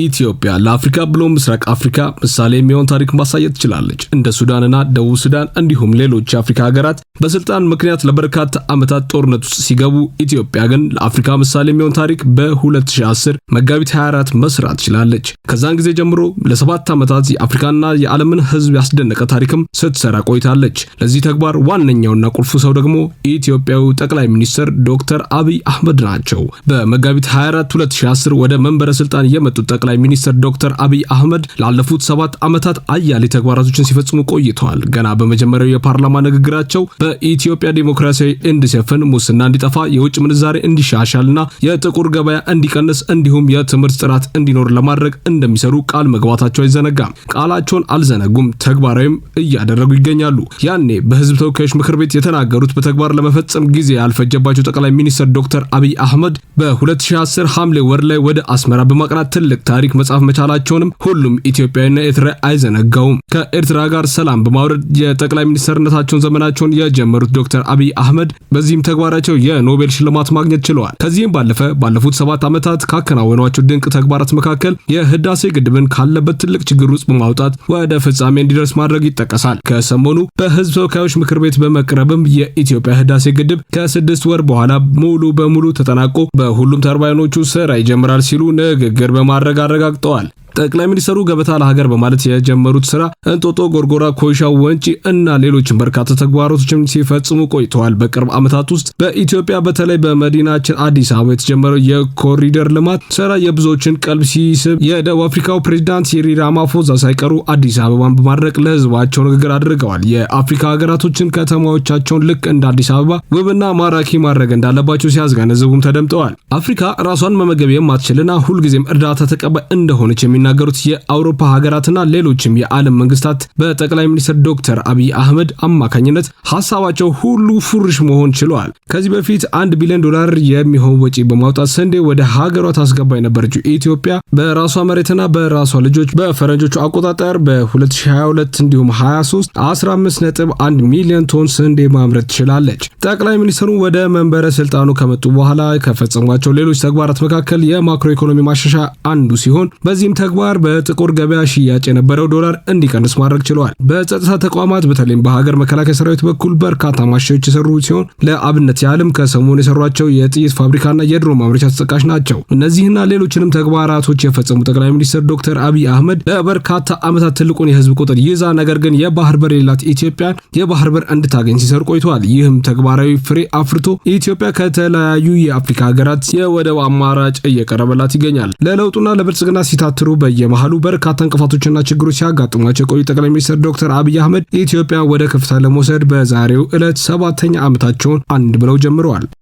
ኢትዮጵያ ለአፍሪካ ብሎ ምስራቅ አፍሪካ ምሳሌ የሚሆን ታሪክ ማሳየት ትችላለች። እንደ ሱዳንና ደቡብ ሱዳን እንዲሁም ሌሎች የአፍሪካ ሀገራት በስልጣን ምክንያት ለበርካታ ዓመታት ጦርነት ውስጥ ሲገቡ፣ ኢትዮጵያ ግን ለአፍሪካ ምሳሌ የሚሆን ታሪክ በ2010 መጋቢት 24 መስራት ትችላለች። ከዛን ጊዜ ጀምሮ ለሰባት ዓመታት የአፍሪካና የዓለምን ሕዝብ ያስደነቀ ታሪክም ስትሰራ ቆይታለች። ለዚህ ተግባር ዋነኛውና ቁልፉ ሰው ደግሞ ኢትዮጵያዊ ጠቅላይ ሚኒስትር ዶክተር አብይ አህመድ ናቸው። በመጋቢት 24 2010 ወደ መንበረ ስልጣን የመጡት ጠቅላይ ሚኒስትር ዶክተር አብይ አህመድ ላለፉት ሰባት ዓመታት አያሌ ተግባራቶችን ሲፈጽሙ ቆይተዋል። ገና በመጀመሪያው የፓርላማ ንግግራቸው በኢትዮጵያ ዴሞክራሲያዊ እንዲሰፍን፣ ሙስና እንዲጠፋ፣ የውጭ ምንዛሬ እንዲሻሻልና የጥቁር ገበያ እንዲቀንስ እንዲሁም የትምህርት ጥራት እንዲኖር ለማድረግ እንደሚሰሩ ቃል መግባታቸው አይዘነጋም። ቃላቸውን አልዘነጉም፣ ተግባራዊም እያደረጉ ይገኛሉ። ያኔ በህዝብ ተወካዮች ምክር ቤት የተናገሩት በተግባር ለመፈጸም ጊዜ ያልፈጀባቸው ጠቅላይ ሚኒስትር ዶክተር አብይ አህመድ በ2010 ሐምሌ ወር ላይ ወደ አስመራ በማቅናት ትልቅ ታሪክ መጻፍ መቻላቸውንም ሁሉም ኢትዮጵያዊና ኤርትራ አይዘነጋውም። ከኤርትራ ጋር ሰላም በማውረድ የጠቅላይ ሚኒስትርነታቸውን ዘመናቸውን የጀመሩት ዶክተር አብይ አህመድ በዚህም ተግባራቸው የኖቤል ሽልማት ማግኘት ችለዋል። ከዚህም ባለፈ ባለፉት ሰባት ዓመታት ካከናወኗቸው ድንቅ ተግባራት መካከል የህዳሴ ግድብን ካለበት ትልቅ ችግር ውስጥ በማውጣት ወደ ፍጻሜ እንዲደርስ ማድረግ ይጠቀሳል። ከሰሞኑ በህዝብ ተወካዮች ምክር ቤት በመቅረብም የኢትዮጵያ ህዳሴ ግድብ ከስድስት ወር በኋላ ሙሉ በሙሉ ተጠናቆ በሁሉም ተርባይኖቹ ስራ ይጀምራል ሲሉ ንግግር በማድረግ አረጋግጠዋል። ጠቅላይ ሚኒስትሩ ገበታ ለሀገር በማለት የጀመሩት ስራ እንጦጦ፣ ጎርጎራ፣ ኮይሻ፣ ወንጪ እና ሌሎችን በርካታ ተግባሮቶችን ሲፈጽሙ ቆይተዋል። በቅርብ ዓመታት ውስጥ በኢትዮጵያ በተለይ በመዲናችን አዲስ አበባ የተጀመረው የኮሪደር ልማት ስራ የብዙዎችን ቀልብ ሲስብ የደቡብ አፍሪካው ፕሬዚዳንት ሲሪል ራማፎዛ ሳይቀሩ አዲስ አበባን በማድረግ ለህዝባቸው ንግግር አድርገዋል። የአፍሪካ ሀገራቶችን ከተማዎቻቸውን ልክ እንደ አዲስ አበባ ውብና ማራኪ ማድረግ እንዳለባቸው ሲያስገነዝቡም ተደምጠዋል። አፍሪካ ራሷን መመገብ የማትችልና ሁልጊዜም እርዳታ ተቀባይ እንደሆነች የሚ የሚናገሩት የአውሮፓ ሀገራትና ሌሎችም የዓለም መንግስታት በጠቅላይ ሚኒስትር ዶክተር አብይ አህመድ አማካኝነት ሀሳባቸው ሁሉ ፉርሽ መሆን ችለዋል። ከዚህ በፊት አንድ ቢሊዮን ዶላር የሚሆን ወጪ በማውጣት ስንዴ ወደ ሀገሯ ታስገባ የነበረችው ኢትዮጵያ በራሷ መሬትና በራሷ ልጆች በፈረንጆቹ አቆጣጠር በ2022 እንዲሁም 23 15.1 ሚሊዮን ቶን ስንዴ ማምረት ትችላለች። ጠቅላይ ሚኒስትሩ ወደ መንበረ ስልጣኑ ከመጡ በኋላ ከፈጸሟቸው ሌሎች ተግባራት መካከል የማክሮ ኢኮኖሚ ማሻሻያ አንዱ ሲሆን በዚህም ተግባር በጥቁር ገበያ ሽያጭ የነበረው ዶላር እንዲቀንስ ማድረግ ችሏል። በጸጥታ ተቋማት በተለይም በሀገር መከላከያ ሰራዊት በኩል በርካታ ማሻዎች የሰሩ ሲሆን ለአብነት ያህልም ከሰሞኑ የሰሯቸው የጥይት ፋብሪካና የድሮ ማምረቻ ተጠቃሽ ናቸው። እነዚህና ሌሎችንም ተግባራቶች የፈጸሙ ጠቅላይ ሚኒስትር ዶክተር አብይ አህመድ ለበርካታ ዓመታት ትልቁን የህዝብ ቁጥር ይዛ ነገር ግን የባህር በር የሌላት ኢትዮጵያን የባህር በር እንድታገኝ ሲሰሩ ቆይተዋል። ይህም ተግባራዊ ፍሬ አፍርቶ ኢትዮጵያ ከተለያዩ የአፍሪካ ሀገራት የወደብ አማራጭ እየቀረበላት ይገኛል። ለለውጡና ለብልጽግና ሲታትሩ በየመሃሉ በርካታ እንቅፋቶችና ችግሮች ሲያጋጥሟቸው የቆዩ ጠቅላይ ሚኒስትር ዶክተር አብይ አህመድ ኢትዮጵያ ወደ ከፍታ ለመውሰድ በዛሬው ዕለት ሰባተኛ ዓመታቸውን አንድ ብለው ጀምረዋል።